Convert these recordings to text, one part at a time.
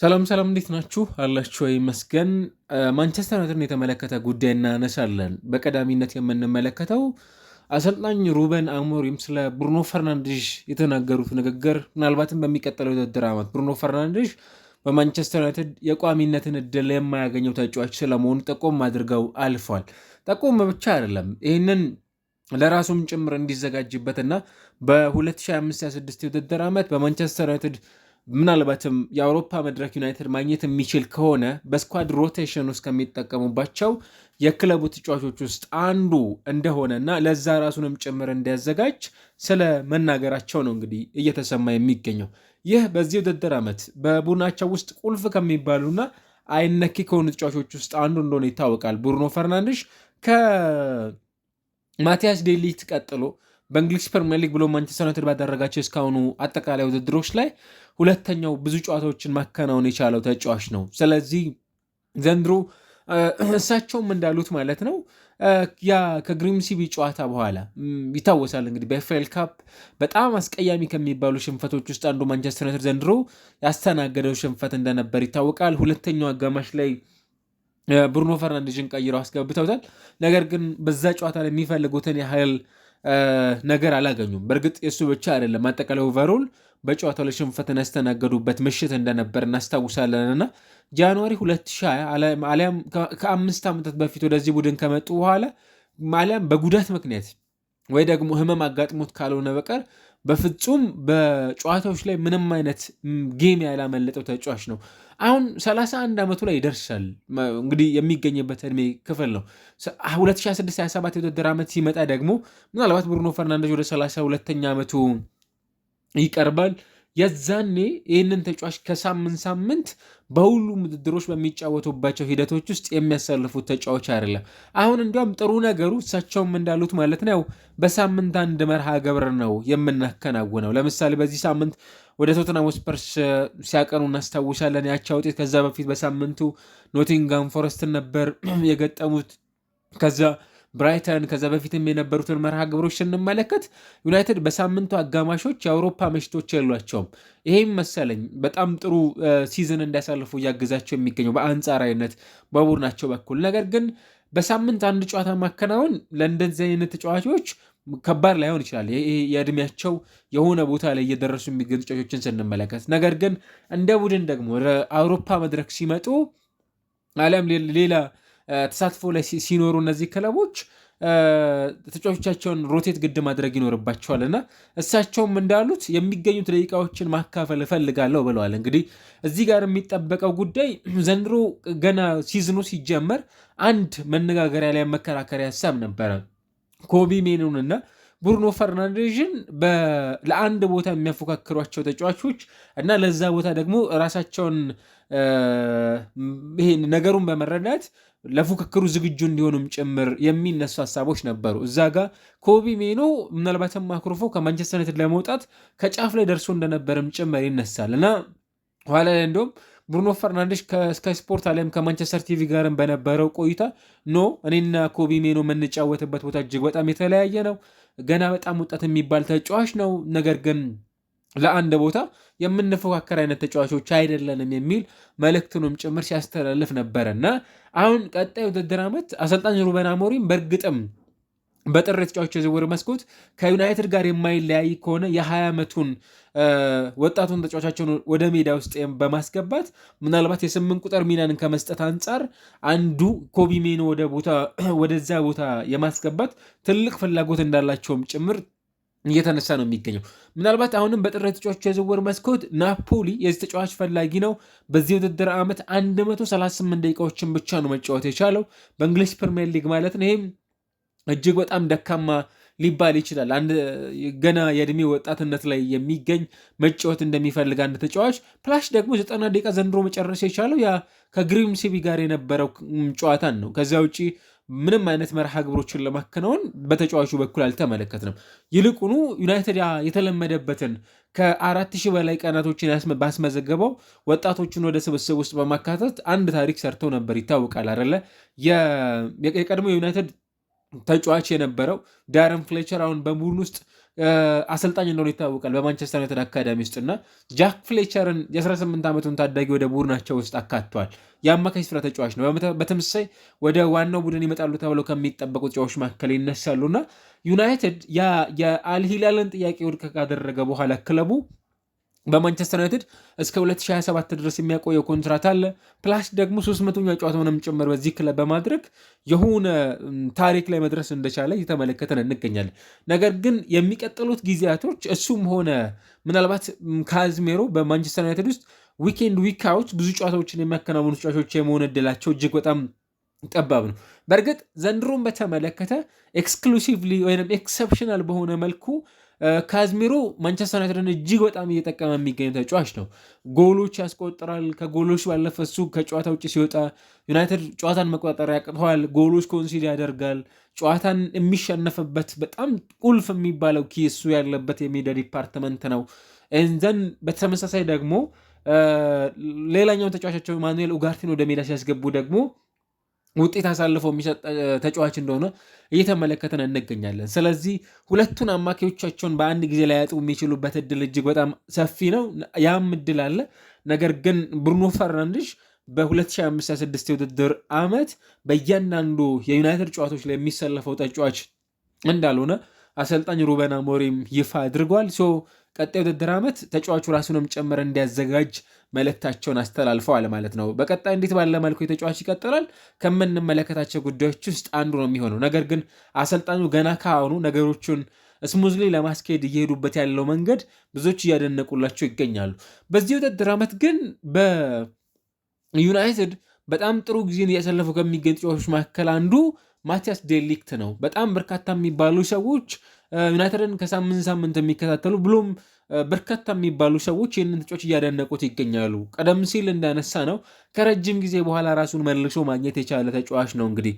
ሰላም ሰላም፣ እንዴት ናችሁ አላችሁ ወይ? መስገን ማንቸስተር ዩናይትድን የተመለከተ ጉዳይ እናነሳለን። በቀዳሚነት የምንመለከተው አሰልጣኝ ሩበን አሞሪም ስለ ብሩኖ ፈርናንዴዥ የተናገሩት ንግግር ምናልባትም በሚቀጥለው የውድድር ዓመት ብሩኖ ፈርናንዴዥ በማንቸስተር ዩናይትድ የቋሚነትን እድል የማያገኘው ተጫዋች ስለመሆኑ ጠቆም አድርገው አልፏል። ጠቆም ብቻ አይደለም ይህንን ለራሱም ጭምር እንዲዘጋጅበትና በ2025/26 የውድድር ዓመት በማንቸስተር ዩናይትድ ምናልባትም የአውሮፓ መድረክ ዩናይትድ ማግኘት የሚችል ከሆነ በስኳድ ሮቴሽን ውስጥ ከሚጠቀሙባቸው የክለቡ ተጫዋቾች ውስጥ አንዱ እንደሆነ እና ለዛ ራሱንም ጭምር እንዲያዘጋጅ ስለ መናገራቸው ነው እንግዲህ እየተሰማ የሚገኘው። ይህ በዚህ ውድድር ዓመት በቡድናቸው ውስጥ ቁልፍ ከሚባሉና አይነኪ ከሆኑ ተጫዋቾች ውስጥ አንዱ እንደሆነ ይታወቃል። ብሩኖ ፈርናንድሽ ከማቲያስ ዴሊት ቀጥሎ በእንግሊዝ ፕሪሚየር ሊግ ብሎ ማንቸስተር ዩናይትድ ባደረጋቸው እስካሁኑ አጠቃላይ ውድድሮች ላይ ሁለተኛው ብዙ ጨዋታዎችን ማከናወን የቻለው ተጫዋች ነው። ስለዚህ ዘንድሮ እሳቸውም እንዳሉት ማለት ነው ያ ሲቪ ጨዋታ በኋላ ይታወሳል እንግዲህ በኤፍኤል ካፕ በጣም አስቀያሚ ከሚባሉ ሽንፈቶች ውስጥ አንዱ ማንቸስተር ዩናይትድ ዘንድሮ ያስተናገደው ሽንፈት እንደነበር ይታወቃል። ሁለተኛው አጋማሽ ላይ ብሩኖ ፈርናንዴዝን ቀይረው አስገብተውታል። ነገር ግን በዛ ጨዋታ ላይ የሚፈልጉትን ያህል ነገር አላገኙም። በእርግጥ የእሱ ብቻ አይደለም። አጠቃላይ ኦቨሮል በጨዋታው ላይ ሽንፈትን ያስተናገዱበት ምሽት እንደነበር እናስታውሳለንና ጃንዋሪ 2020 አሊያም ከአምስት ዓመታት በፊት ወደዚህ ቡድን ከመጡ በኋላ አሊያም በጉዳት ምክንያት ወይ ደግሞ ህመም አጋጥሞት ካልሆነ በቀር በፍጹም በጨዋታዎች ላይ ምንም አይነት ጌም ያላመለጠው ተጫዋች ነው። አሁን 31 ዓመቱ ላይ ይደርሳል። እንግዲህ የሚገኝበት እድሜ ክፍል ነው። 2026/27 የውድድር ዓመት ሲመጣ ደግሞ ምናልባት ብሩኖ ፈርናንዴዝ ወደ 32ኛ ዓመቱ ይቀርባል። የዛኔ ይህንን ተጫዋች ከሳምንት ሳምንት በሁሉም ውድድሮች በሚጫወቱባቸው ሂደቶች ውስጥ የሚያሳልፉት ተጫዋች አይደለም። አሁን እንዲያውም ጥሩ ነገሩ እሳቸውም እንዳሉት ማለት ነው በሳምንት አንድ መርሃ ግብር ነው የምናከናውነው። ለምሳሌ በዚህ ሳምንት ወደ ቶትናም ስፐርስ ሲያቀኑ እናስታውሳለን፣ ያቻ ውጤት። ከዛ በፊት በሳምንቱ ኖቲንጋም ፎረስትን ነበር የገጠሙት ከዛ ብራይተን ከዛ በፊትም የነበሩትን መርሃ ግብሮች ስንመለከት ዩናይትድ በሳምንቱ አጋማሾች የአውሮፓ ምሽቶች የሏቸውም። ይሄም መሰለኝ በጣም ጥሩ ሲዝን እንዲያሳልፉ እያገዛቸው የሚገኘው በአንጻራዊነት በቡድናቸው በኩል ነገር ግን በሳምንት አንድ ጨዋታ ማከናወን ለእንደዚህ አይነት ተጫዋቾች ከባድ ላይሆን ይችላል። የእድሜያቸው የሆነ ቦታ ላይ እየደረሱ የሚገኙ ተጫዋቾችን ስንመለከት ነገር ግን እንደ ቡድን ደግሞ ወደ አውሮፓ መድረክ ሲመጡ አለም ሌላ ተሳትፎ ላይ ሲኖሩ እነዚህ ክለቦች ተጫዋቾቻቸውን ሮቴት ግድ ማድረግ ይኖርባቸዋል እና እሳቸውም እንዳሉት የሚገኙት ደቂቃዎችን ማካፈል እፈልጋለሁ ብለዋል። እንግዲህ እዚህ ጋር የሚጠበቀው ጉዳይ ዘንድሮ ገና ሲዝኑ ሲጀመር አንድ መነጋገሪያ ላይ መከራከሪያ ሀሳብ ነበረ ኮቢ ሜኑንና ብሩኖ ፈርናንዴዥን ለአንድ ቦታ የሚያፎካክሯቸው ተጫዋቾች እና ለዛ ቦታ ደግሞ ራሳቸውን ይሄ ነገሩን በመረዳት ለፉክክሩ ዝግጁ እንዲሆኑም ጭምር የሚነሱ ሀሳቦች ነበሩ። እዛ ጋር ኮቢ ሜኖ ምናልባትም ማክሮፎ ከማንቸስተር ዩናይትድ ለመውጣት ከጫፍ ላይ ደርሶ እንደነበርም ጭምር ይነሳል እና ኋላ ላይ እንዲሁም ብሩኖ ፈርናንዴሽ ከስካይ ስፖርት አለም ከማንቸስተር ቲቪ ጋርም በነበረው ቆይታ ኖ እኔና ኮቢ ሜኖ የምንጫወትበት ቦታ እጅግ በጣም የተለያየ ነው ገና በጣም ወጣት የሚባል ተጫዋች ነው። ነገር ግን ለአንድ ቦታ የምንፎካከር አይነት ተጫዋቾች አይደለንም የሚል መልእክቱንም ጭምር ሲያስተላልፍ ነበረ እና አሁን ቀጣይ ውድድር ዓመት አሰልጣኝ ሩበን አሞሪም በእርግጥም በጥር የተጫዋቾች የዝውውር መስኮት ከዩናይትድ ጋር የማይለያይ ከሆነ የ20 ዓመቱን ወጣቱን ተጫዋቻቸውን ወደ ሜዳ ውስጥ በማስገባት ምናልባት የስምንት ቁጥር ሚናን ከመስጠት አንጻር አንዱ ኮቢ ሜኖ ወደዛ ቦታ የማስገባት ትልቅ ፍላጎት እንዳላቸውም ጭምር እየተነሳ ነው የሚገኘው። ምናልባት አሁንም በጥር የተጫዋቾች የዝውውር መስኮት ናፖሊ የዚህ ተጫዋች ፈላጊ ነው። በዚህ ውድድር ዓመት 138 ደቂቃዎችን ብቻ ነው መጫወት የቻለው በእንግሊዝ ፕሪሚየር ሊግ ማለት ነው። ይህም እጅግ በጣም ደካማ ሊባል ይችላል። አንድ ገና የእድሜ ወጣትነት ላይ የሚገኝ መጫወት እንደሚፈልግ አንድ ተጫዋች ፕላሽ ደግሞ ዘጠና ደቂቃ ዘንድሮ መጨረስ የቻለው ያ ሲቪ ጋር የነበረው ጨዋታን ነው። ከዚያ ውጪ ምንም አይነት መርሃ ግብሮችን ለማከናወን በተጫዋቹ በኩል አልተመለከትንም። ይልቁኑ ዩናይትድ የተለመደበትን ከአራት ሺህ በላይ ቀናቶችን ባስመዘገበው ወጣቶችን ወደ ስብስብ ውስጥ በማካተት አንድ ታሪክ ሰርተው ነበር። ይታወቃል አይደለ? የቀድሞ የዩናይትድ ተጫዋች የነበረው ዳረን ፍሌቸር አሁን በቡድን ውስጥ አሰልጣኝ እንደሆነ ይታወቃል። በማንቸስተር ዩናይትድ አካዳሚ ውስጥና ጃክ ፍሌቸርን የ18 ዓመቱን ታዳጊ ወደ ቡድናቸው ውስጥ አካቷል። የአማካኝ ስፍራ ተጫዋች ነው። በተመሳሳይ ወደ ዋናው ቡድን ይመጣሉ ተብለው ከሚጠበቁ ተጫዋች መካከል እና ዩናይትድ የአልሂላልን ጥያቄ ውድቅ ካደረገ በኋላ ክለቡ በማንቸስተር ዩናይትድ እስከ 2027 ድረስ የሚያቆየው ኮንትራት አለ። ፕላስ ደግሞ 300ኛ ጨዋታውንም ጭምር በዚህ ክለብ በማድረግ የሆነ ታሪክ ላይ መድረስ እንደቻለ እየተመለከተን እንገኛለን። ነገር ግን የሚቀጥሉት ጊዜያቶች እሱም ሆነ ምናልባት ካዝሜሮ በማንቸስተር ዩናይትድ ውስጥ ዊኬንድ ዊካዎች ብዙ ጨዋታዎችን የሚያከናውኑ ተጫዋቾች የመሆን እድላቸው እጅግ በጣም ጠባብ ነው። በእርግጥ ዘንድሮን በተመለከተ ኤክስክሉሲቭሊ ወይም ኤክሰፕሽናል በሆነ መልኩ ካዝሚሮ ማንቸስተር ዩናይትድን እጅግ በጣም እየጠቀመ የሚገኝ ተጫዋች ነው። ጎሎች ያስቆጥራል። ከጎሎች ባለፈ እሱ ከጨዋታ ውጭ ሲወጣ ዩናይትድ ጨዋታን መቆጣጠር ያቅተዋል። ጎሎች ኮንሲድ ያደርጋል። ጨዋታን የሚሸነፍበት በጣም ቁልፍ የሚባለው ኪሱ ያለበት የሜዳ ዲፓርትመንት ነው። ዘን በተመሳሳይ ደግሞ ሌላኛውን ተጫዋቻቸው ማኑኤል ኡጋርቲን ወደ ሜዳ ሲያስገቡ ደግሞ ውጤት አሳልፎ የሚሰጥ ተጫዋች እንደሆነ እየተመለከተን እንገኛለን። ስለዚህ ሁለቱን አማካዮቻቸውን በአንድ ጊዜ ሊያጡ የሚችሉበት እድል እጅግ በጣም ሰፊ ነው። ያም እድል አለ። ነገር ግን ብሩኖ ፈርናንዴዝ በ2025/26 የውድድር ዓመት በእያንዳንዱ የዩናይትድ ጨዋታዎች ላይ የሚሰለፈው ተጫዋች እንዳልሆነ አሰልጣኝ ሩበን አሞሪም ይፋ አድርጓል። ቀጣይ ውድድር ዓመት ተጫዋቹ ራሱንም ጨምረ እንዲያዘጋጅ መልእክታቸውን አስተላልፈዋል ማለት ነው። በቀጣይ እንዴት ባለ መልኩ የተጫዋች ይቀጥላል ከምንመለከታቸው ጉዳዮች ውስጥ አንዱ ነው የሚሆነው። ነገር ግን አሰልጣኙ ገና ካሁኑ ነገሮቹን ስሙዝሊ ለማስኬድ እየሄዱበት ያለው መንገድ ብዙዎች እያደነቁላቸው ይገኛሉ። በዚህ ውድድር ዓመት ግን በዩናይትድ በጣም ጥሩ ጊዜን እያሳለፉ ከሚገኝ ተጫዋቾች መካከል አንዱ ማቲያስ ዴሊክት ነው። በጣም በርካታ የሚባሉ ሰዎች ዩናይትድን ከሳምንት ሳምንት የሚከታተሉ ብሎም በርካታ የሚባሉ ሰዎች ይህንን ተጫዋች እያደነቁት ይገኛሉ። ቀደም ሲል እንዳነሳ ነው ከረጅም ጊዜ በኋላ ራሱን መልሶ ማግኘት የቻለ ተጫዋች ነው። እንግዲህ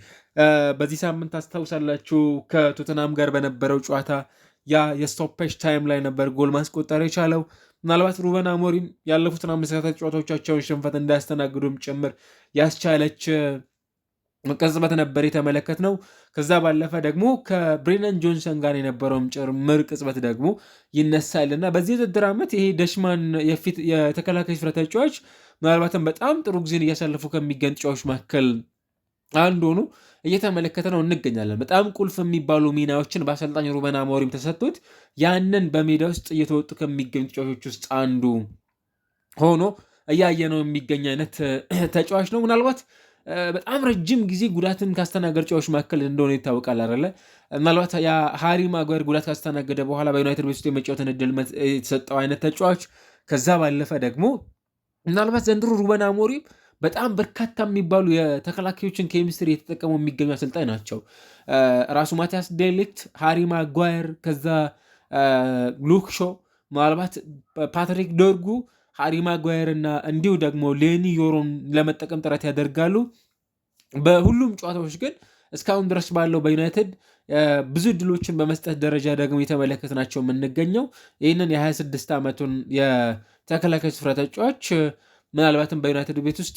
በዚህ ሳምንት አስታውሳላችሁ ከቶተናም ጋር በነበረው ጨዋታ ያ የስቶፔጅ ታይም ላይ ነበር ጎል ማስቆጠር የቻለው። ምናልባት ሩበን አሞሪም ያለፉትን አምስት ጨዋታዎቻቸውን ሽንፈት እንዳያስተናግዱም ጭምር ያስቻለች ቅጽበት ነበር የተመለከት ነው። ከዛ ባለፈ ደግሞ ከብሬነን ጆንሰን ጋር የነበረውም ጭምር ቅጽበት ደግሞ ይነሳል እና በዚህ ውድድር ዓመት ይሄ ደሽማን የተከላካይ ስፍራ ተጫዋች ምናልባትም በጣም ጥሩ ጊዜን እያሳለፉ ከሚገኝ ተጫዋቾች መካከል አንዱ ሆኖ እየተመለከተ ነው እንገኛለን። በጣም ቁልፍ የሚባሉ ሚናዎችን በአሰልጣኝ ሩበን አሞሪም ተሰጥቶት ያንን በሜዳ ውስጥ እየተወጡ ከሚገኙ ተጫዋቾች ውስጥ አንዱ ሆኖ እያየ ነው የሚገኝ አይነት ተጫዋች ነው ምናልባት በጣም ረጅም ጊዜ ጉዳትን ካስተናገዱ ተጫዋቾች መካከል እንደሆነ ይታወቃል አለ ምናልባት የሃሪ ማጓየር ጉዳት ካስተናገደ በኋላ በዩናይትድ ቤት ውስጥ የመጫወትን እድል የተሰጠው አይነት ተጫዋች፣ ከዛ ባለፈ ደግሞ ምናልባት ዘንድሮ ሩበን አሞሪም በጣም በርካታ የሚባሉ የተከላካዮችን ኬሚስትሪ የተጠቀሙ የሚገኙ አሰልጣኝ ናቸው። ራሱ ማቲያስ ዴሊክት፣ ሃሪ ማጓየር፣ ከዛ ሉክሾ፣ ምናልባት ፓትሪክ ዶርጉ ሃሪ ማጓየር እና እንዲሁ ደግሞ ሌኒ ዮሮን ለመጠቀም ጥረት ያደርጋሉ። በሁሉም ጨዋታዎች ግን እስካሁን ድረስ ባለው በዩናይትድ ብዙ እድሎችን በመስጠት ደረጃ ደግሞ የተመለከት ናቸው የምንገኘው ይህንን የ26 ዓመቱን የተከላካይ ስፍራ ተጫዋች ምናልባትም በዩናይትድ ቤት ውስጥ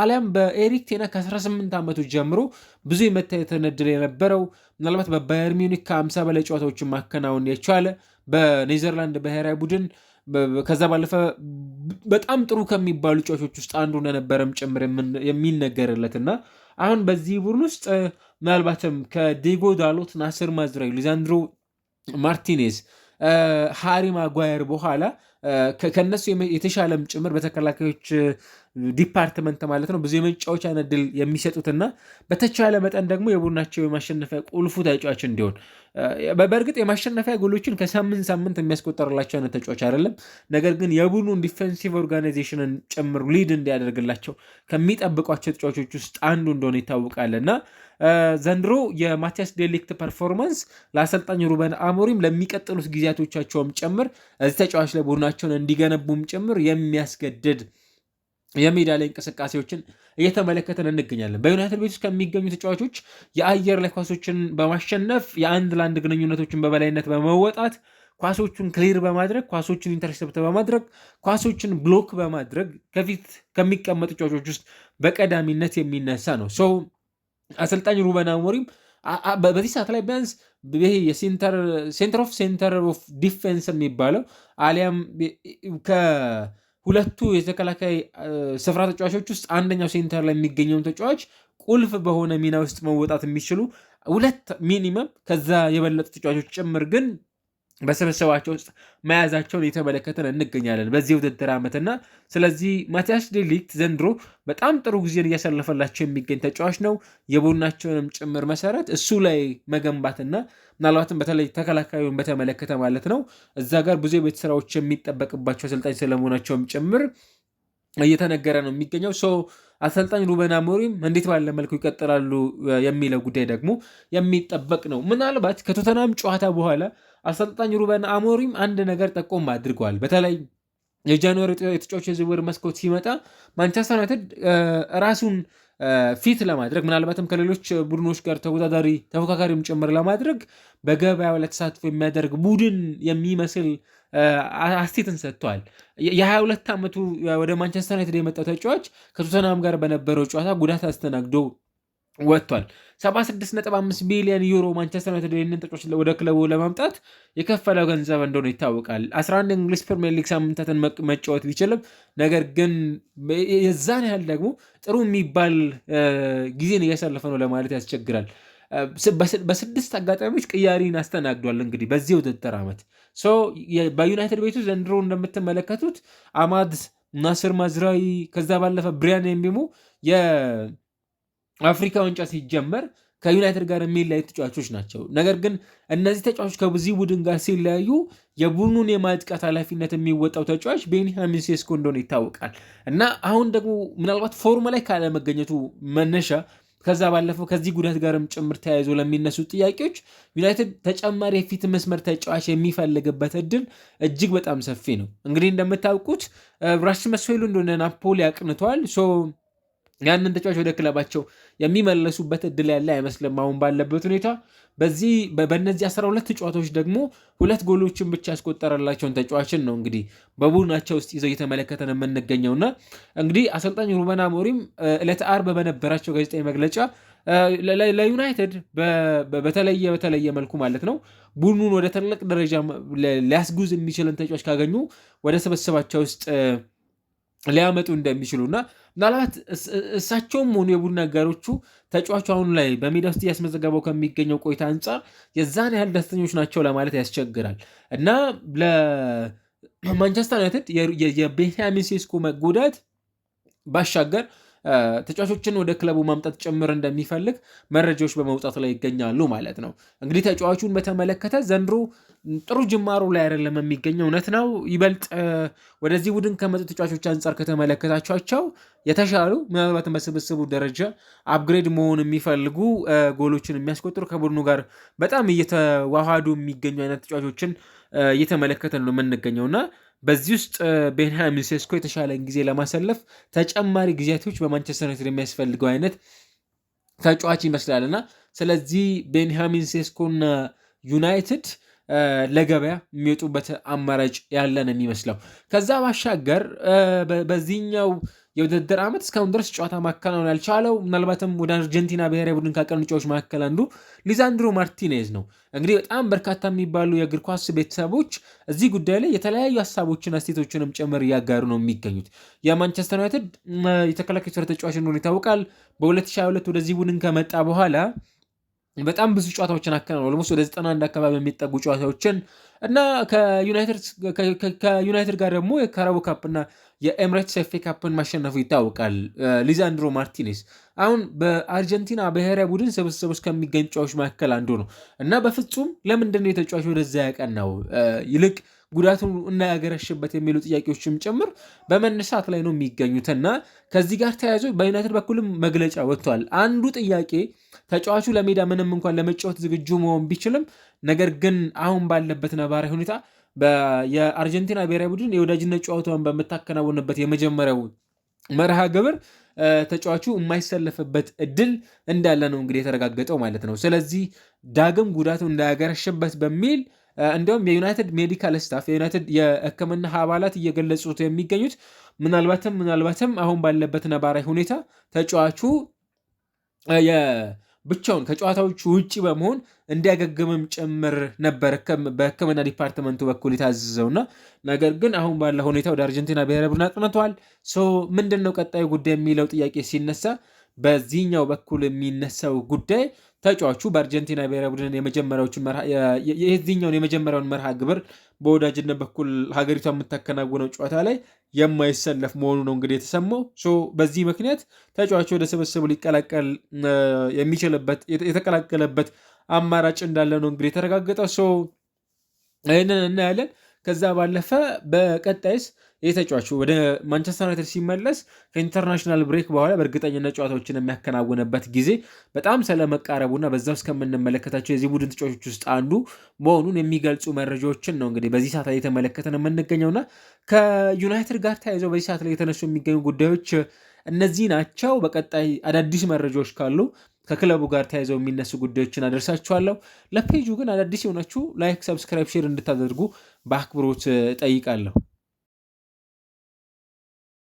አሊያም በኤሪክ ቴና ከ18 ዓመቱ ጀምሮ ብዙ የመታየትን እድል የነበረው ምናልባት በባየር ሚኒክ ከ50 በላይ ጨዋታዎችን ማከናወን የቻለ በኔዘርላንድ ብሔራዊ ቡድን ከዛ ባለፈ በጣም ጥሩ ከሚባሉ ጨዋቾች ውስጥ አንዱ እንደነበረም ጭምር የሚነገርለት እና አሁን በዚህ ቡድን ውስጥ ምናልባትም ከዲጎ ዳሎት፣ ናስር ማዝራዊ፣ ሊዛንድሮ ማርቲኔዝ፣ ሃሪ ማጓየር በኋላ ከነሱ የተሻለም ጭምር በተከላካዮች ዲፓርትመንት ማለት ነው ብዙ የመጫወቻ እድል የሚሰጡትና በተቻለ መጠን ደግሞ የቡድናቸው የማሸነፊያ ቁልፉ ተጫዋች እንዲሆን በእርግጥ የማሸነፊያ ጎሎችን ከሳምንት ሳምንት የሚያስቆጠርላቸው አይነት ተጫዋች አይደለም። ነገር ግን የቡድኑን ዲፌንሲቭ ኦርጋናይዜሽንን ጭምር ሊድ እንዲያደርግላቸው ከሚጠብቋቸው ተጫዋቾች ውስጥ አንዱ እንደሆነ ይታወቃል እና ዘንድሮ የማቲያስ ዴሊክት ፐርፎርማንስ ለአሰልጣኝ ሩበን አሞሪም ለሚቀጥሉት ጊዜያቶቻቸውም ጭምር እዚህ ተጫዋች ላይ ቡድናቸውን እንዲገነቡም ጭምር የሚያስገድድ የሜዳ ላይ እንቅስቃሴዎችን እየተመለከተን እንገኛለን። በዩናይትድ ቤት ውስጥ ከሚገኙ ተጫዋቾች የአየር ላይ ኳሶችን በማሸነፍ የአንድ ለአንድ ግንኙነቶችን በበላይነት በመወጣት ኳሶቹን ክሊር በማድረግ ኳሶችን ኢንተርሴፕት በማድረግ ኳሶችን ብሎክ በማድረግ ከፊት ከሚቀመጡ ተጫዋቾች ውስጥ በቀዳሚነት የሚነሳ ነው። ሰው አሰልጣኝ ሩበን አሞሪም በዚህ ሰዓት ላይ ቢያንስ ይሄ የሴንተር ኦፍ ሴንተር ኦፍ ዲፌንስ የሚባለው አሊያም ሁለቱ የተከላካይ ስፍራ ተጫዋቾች ውስጥ አንደኛው ሴንተር ላይ የሚገኘውን ተጫዋች ቁልፍ በሆነ ሚና ውስጥ መወጣት የሚችሉ ሁለት ሚኒመም ከዛ የበለጡ ተጫዋቾች ጭምር ግን በስብስባቸው ውስጥ መያዛቸውን እየተመለከተን እንገኛለን በዚህ ውድድር ዓመትና ስለዚህ ማቲያስ ዴሊክት ዘንድሮ በጣም ጥሩ ጊዜን እያሳለፈላቸው የሚገኝ ተጫዋች ነው። የቡናቸውንም ጭምር መሰረት እሱ ላይ መገንባትና ምናልባትም በተለይ ተከላካዩን በተመለከተ ማለት ነው እዛ ጋር ብዙ የቤት ስራዎች የሚጠበቅባቸው አሰልጣኝ ስለመሆናቸውም ጭምር እየተነገረ ነው የሚገኘው። ሶ አሰልጣኝ ሩበን አሞሪም እንዴት ባለ መልኩ ይቀጥላሉ የሚለው ጉዳይ ደግሞ የሚጠበቅ ነው። ምናልባት ከቶተናም ጨዋታ በኋላ አሰልጣኝ ሩበን አሞሪም አንድ ነገር ጠቆም አድርገዋል። በተለይ የጃንዋሪ የተጫዋች የዝውውር መስኮት ሲመጣ ማንቸስተር ዩናይትድ ራሱን ፊት ለማድረግ ምናልባትም ከሌሎች ቡድኖች ጋር ተወዳዳሪ ተፎካካሪም ጭምር ለማድረግ በገበያው ለተሳትፎ ተሳትፎ የሚያደርግ ቡድን የሚመስል አስቴትን ሰጥተዋል። የ22 ዓመቱ ወደ ማንቸስተር ዩናይትድ የመጣው ተጫዋች ከቶተናም ጋር በነበረው ጨዋታ ጉዳት አስተናግዶ ወጥቷል። 76.5 ቢሊዮን ዩሮ ማንቸስተር ዩናይትድ ይህንን ተጫዋች ወደ ክለቡ ለማምጣት የከፈለው ገንዘብ እንደሆነ ይታወቃል። 11 እንግሊዝ ፕሪሚየር ሊግ ሳምንታትን መጫወት ቢችልም ነገር ግን የዛን ያህል ደግሞ ጥሩ የሚባል ጊዜን እያሳለፈ ነው ለማለት ያስቸግራል። በስድስት አጋጣሚዎች ቅያሪን አስተናግዷል። እንግዲህ በዚህ ውድድር ዓመት በዩናይትድ ቤቱ ዘንድሮ እንደምትመለከቱት አማድ ናስር ማዝራዊ ከዛ ባለፈ ብሪያን ኤምቢሞ አፍሪካ ዋንጫ ሲጀመር ከዩናይትድ ጋር የሚለያዩ ተጫዋቾች ናቸው። ነገር ግን እነዚህ ተጫዋቾች ከዚህ ቡድን ጋር ሲለያዩ የቡድኑን የማጥቃት ኃላፊነት የሚወጣው ተጫዋች ቤኒያሚን ሴስኮ እንደሆነ ይታወቃል እና አሁን ደግሞ ምናልባት ፎርም ላይ ካለመገኘቱ መነሻ ከዛ ባለፈው ከዚህ ጉዳት ጋርም ጭምር ተያይዞ ለሚነሱ ጥያቄዎች ዩናይትድ ተጨማሪ የፊት መስመር ተጫዋች የሚፈልግበት እድል እጅግ በጣም ሰፊ ነው። እንግዲህ እንደምታውቁት ራስመስ ሆይሉንድ እንደሆነ ናፖሊ አቅንተዋል። ያንን ተጫዋች ወደ ክለባቸው የሚመለሱበት እድል ያለ አይመስልም አሁን ባለበት ሁኔታ። በዚህ በእነዚህ 12 ጨዋታዎች ደግሞ ሁለት ጎሎችን ብቻ ያስቆጠረላቸውን ተጫዋችን ነው እንግዲህ በቡድናቸው ውስጥ ይዘው እየተመለከተን የምንገኘውና እንግዲህ አሰልጣኝ ሩበን አሞሪም ዕለተ ዓርብ በነበራቸው ጋዜጣዊ መግለጫ ለዩናይትድ በተለየ በተለየ መልኩ ማለት ነው ቡድኑን ወደ ትልቅ ደረጃ ሊያስጉዝ የሚችልን ተጫዋች ካገኙ ወደ ስብስባቸው ውስጥ ሊያመጡ እንደሚችሉ እና ምናልባት እሳቸውም ሆኑ የቡድን አጋሮቹ ተጫዋቹ አሁን ላይ በሜዳ ውስጥ እያስመዘገበው ከሚገኘው ቆይታ አንጻር የዛን ያህል ደስተኞች ናቸው ለማለት ያስቸግራል እና ለማንቸስተር ዩናይትድ የቤንያሚን ሴስኮ መጎዳት ባሻገር ተጫዋቾችን ወደ ክለቡ ማምጣት ጭምር እንደሚፈልግ መረጃዎች በመውጣት ላይ ይገኛሉ ማለት ነው። እንግዲህ ተጫዋቹን በተመለከተ ዘንድሮ ጥሩ ጅማሮ ላይ አይደለም የሚገኘው እውነት ነው። ይበልጥ ወደዚህ ቡድን ከመጡ ተጫዋቾች አንጻር ከተመለከታቸቸው የተሻሉ ምናልባት በስብስቡ ደረጃ አፕግሬድ መሆን የሚፈልጉ ጎሎችን የሚያስቆጥሩ ከቡድኑ ጋር በጣም እየተዋሃዱ የሚገኙ አይነት ተጫዋቾችን እየተመለከተ ነው የምንገኘውና በዚህ ውስጥ ቤንያሚን ሴስኮ የተሻለን ጊዜ ለማሳለፍ ተጨማሪ ጊዜያቶች በማንቸስተር ዩናይትድ የሚያስፈልገው አይነት ተጫዋች ይመስላል እና ስለዚህ ቤንያሚን እና ዩናይትድ ለገበያ የሚወጡበት አማራጭ ያለን የሚመስለው ከዛ ባሻገር በዚህኛው የውድድር ዓመት እስካሁን ድረስ ጨዋታ ማከናወን ያልቻለው ምናልባትም ወደ አርጀንቲና ብሔራዊ ቡድን ካቀኑ ጨዋቾች መካከል አንዱ ሊዛንድሮ ማርቲኔዝ ነው። እንግዲህ በጣም በርካታ የሚባሉ የእግር ኳስ ቤተሰቦች እዚህ ጉዳይ ላይ የተለያዩ ሀሳቦችን አስቴቶችንም ጭምር እያጋሩ ነው የሚገኙት። የማንቸስተር ዩናይትድ የተከላካይ ተጫዋች እንደሆነ ይታወቃል። በ2022 ወደዚህ ቡድን ከመጣ በኋላ በጣም ብዙ ጨዋታዎችን አከናል ኦልሞስት ወደ 91 አካባቢ የሚጠጉ ጨዋታዎችን እና ከዩናይትድ ጋር ደግሞ የካራቦ ካፕ እና የኤምሬትስ ኤፍ ኤ ካፕን ማሸነፉ ይታወቃል። ሊዛንድሮ ማርቲኔስ አሁን በአርጀንቲና ብሔራዊ ቡድን ስብስብ ውስጥ ከሚገኝ ተጫዋቾች መካከል አንዱ ነው እና በፍጹም ለምንድን ነው የተጫዋች ወደዛ ያቀናው ይልቅ ጉዳቱን እናያገረሽበት የሚሉ ጥያቄዎችም ጭምር በመነሳት ላይ ነው የሚገኙት እና ከዚህ ጋር ተያይዞ በዩናይትድ በኩልም መግለጫ ወጥቷል። አንዱ ጥያቄ ተጫዋቹ ለሜዳ ምንም እንኳን ለመጫወት ዝግጁ መሆን ቢችልም ነገር ግን አሁን ባለበት ነባራዊ ሁኔታ የአርጀንቲና ብሔራዊ ቡድን የወዳጅነት ጨዋታውን በምታከናውንበት የመጀመሪያው መርሃ ግብር ተጫዋቹ የማይሰለፍበት እድል እንዳለ ነው እንግዲህ የተረጋገጠው ማለት ነው። ስለዚህ ዳግም ጉዳቱ እንዳያገረሽበት በሚል እንዲሁም የዩናይትድ ሜዲካል ስታፍ የዩናይትድ የሕክምና አባላት እየገለጹት የሚገኙት ምናልባትም ምናልባትም አሁን ባለበት ነባራዊ ሁኔታ ተጫዋቹ ብቻውን ከጨዋታዎቹ ውጭ በመሆን እንዲያገግምም ጭምር ነበር በሕክምና ዲፓርትመንቱ በኩል የታዘዘውና ነገር ግን አሁን ባለ ሁኔታ ወደ አርጀንቲና ብሔራዊ ቡድን አቅንቷል። ምንድን ነው ቀጣዩ ጉዳይ የሚለው ጥያቄ ሲነሳ በዚህኛው በኩል የሚነሳው ጉዳይ ተጫዋቹ በአርጀንቲና ብሔራዊ ቡድን የዚህኛውን የመጀመሪያውን መርሃ ግብር በወዳጅነት በኩል ሀገሪቷ የምታከናውነው ጨዋታ ላይ የማይሰለፍ መሆኑ ነው እንግዲህ የተሰማው። በዚህ ምክንያት ተጫዋቹ ወደ ስብስቡ ሊቀላቀል የሚችልበት የተቀላቀለበት አማራጭ እንዳለ ነው እንግዲህ የተረጋገጠ። ይህንን እናያለን። ከዛ ባለፈ በቀጣይስ የተጫዋቹ ወደ ማንቸስተር ዩናይትድ ሲመለስ ከኢንተርናሽናል ብሬክ በኋላ በእርግጠኝነት ጨዋታዎችን የሚያከናውንበት ጊዜ በጣም ስለመቃረቡና በዛው ከምንመለከታቸው የዚህ ቡድን ተጫዋቾች ውስጥ አንዱ መሆኑን የሚገልጹ መረጃዎችን ነው እንግዲህ በዚህ ሰዓት ላይ የተመለከተን የምንገኘውና ከዩናይትድ ጋር ተያይዘው በዚህ ሰዓት ላይ የተነሱ የሚገኙ ጉዳዮች እነዚህ ናቸው። በቀጣይ አዳዲስ መረጃዎች ካሉ ከክለቡ ጋር ተያይዘው የሚነሱ ጉዳዮችን አደርሳችኋለሁ። ለፔጁ ግን አዳዲስ የሆናችሁ ላይክ፣ ሰብስክራይብ፣ ሼር እንድታደርጉ በአክብሮት ጠይቃለሁ።